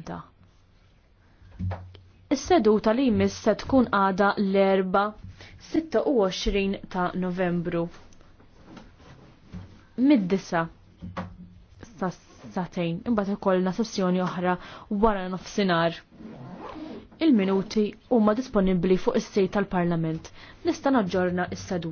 għada. Is-seduta li jmiss se tkun għada l-erba 26 ta' Novembru. Mid-disa sa' satejn, imbagħad ikollna sessjoni oħra wara nofsinar. Il-minuti huma disponibbli fuq is-sejt tal-Parlament. Nista' naġġorna is-seduta.